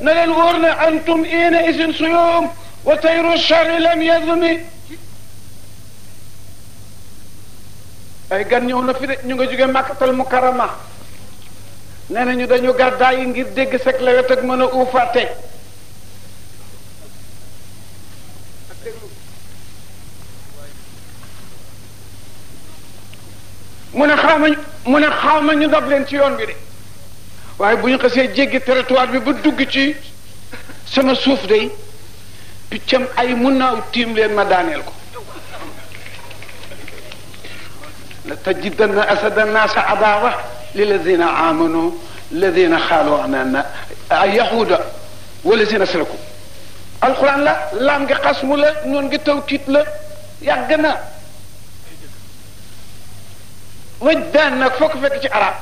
S3: na leen wóor ne antum ina isin suyum wa tayru charri lam yadmi ay gan ñëw na fi de ñu nga jóge màkkatal mukarama nee nañu dañu gàddaa yi ngir dégg sek lewet ak mën a uufaate mu ne xaama mu ne xaama ñu dab leen ci yoon bi de waaye bu ñu xasee jéggi territoire bi ba dugg ci sama suuf day piccam ay mun naaw tiim leen ma daaneel ko la tajidanna asada naasa adaawa lilladina amanu la laam ngi xasmu la noon ngi la yàgg na wëj daan nag foo ko ci arab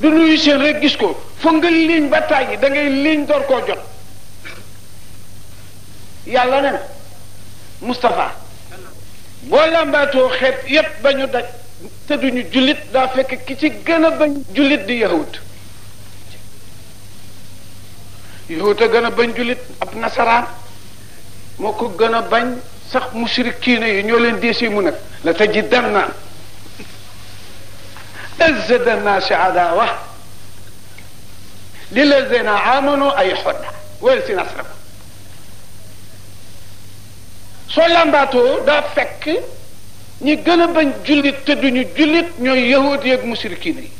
S3: du nuyu seen rek gis ko fa nga liiñ ba tàyyi da ngay liiñ door koo jot yàlla ne na Moustapha boo làmbaatoo xeet yépp ba ñu daj te duñu jullit daa fekk ki ci gën a bañ jullit di yahut yahut a gën a bañ jullit ab nasaraan moo ko gën a bañ sax mushrikiina yi ñoo leen deesee nag la tajidanna ازد الناس عداوه للذين ñi gën a bañ jullit te duñu jullit ñooy yahud yeeg musrikin yi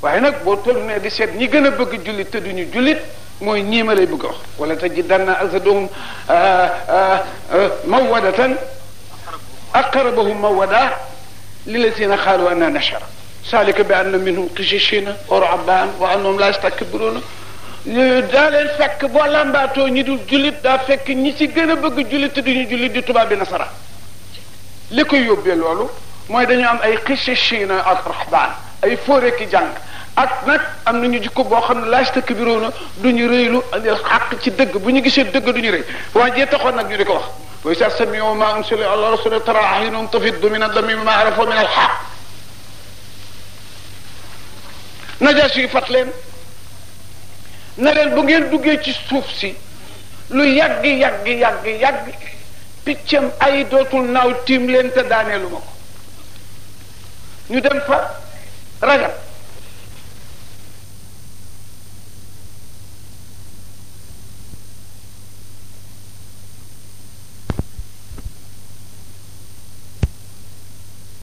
S3: waaye nag boo tollu ne di seet ñi gën a bëgg jullit te duñu jullit mooy ñii ma lay bëgg a wax wala tajidanna aksaduhum mawadatan aqrabahum li lilladina qaalu anna nashara saalika bi anna minhum qishishina wa ru'baan wa annahum la yastakbiruna daa leen fekk boo làmbaatoo ñi dul jullit daa fekk ñi ci gën a bëgg jullit di tubaab bi nasara li koy yóbbee loolu mooy dañu am ay qishishina ak ruhbaan ay fóore ki jàng ak nag am nañu jikko boo xam ne laaj tëkk biroo na du ñu rëylu xàq ci dëgg bu ñu gisee dëgg du ñu rëy waa jee taxoon nag ñu di ko wax wa isa samiu ma unsila ala rasuli tara ahyunum tafiddu min adami ma arafu min alxaq najaas yi fat leen na leen bu ngeen duggee ci suuf si lu yàgg yàgg yàgg yàgg piccam ay dootul naaw tiim leen te daaneelu ma ko ñu dem fa ragal